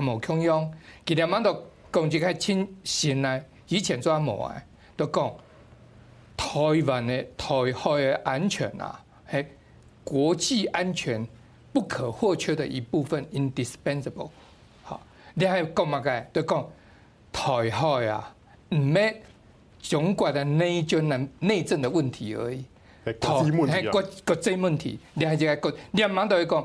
冇強央，其他蠻多攻擊開前線啊！以前做乜啊？都講台灣的台海的安全啊，係，國際安全不可或缺的一部分，indispensable。好，你還有講乜嘅？都講台海啊，唔係中國的內政的內政的問題而已，台海國、啊、國際問題。你還這個，你還蠻多去講，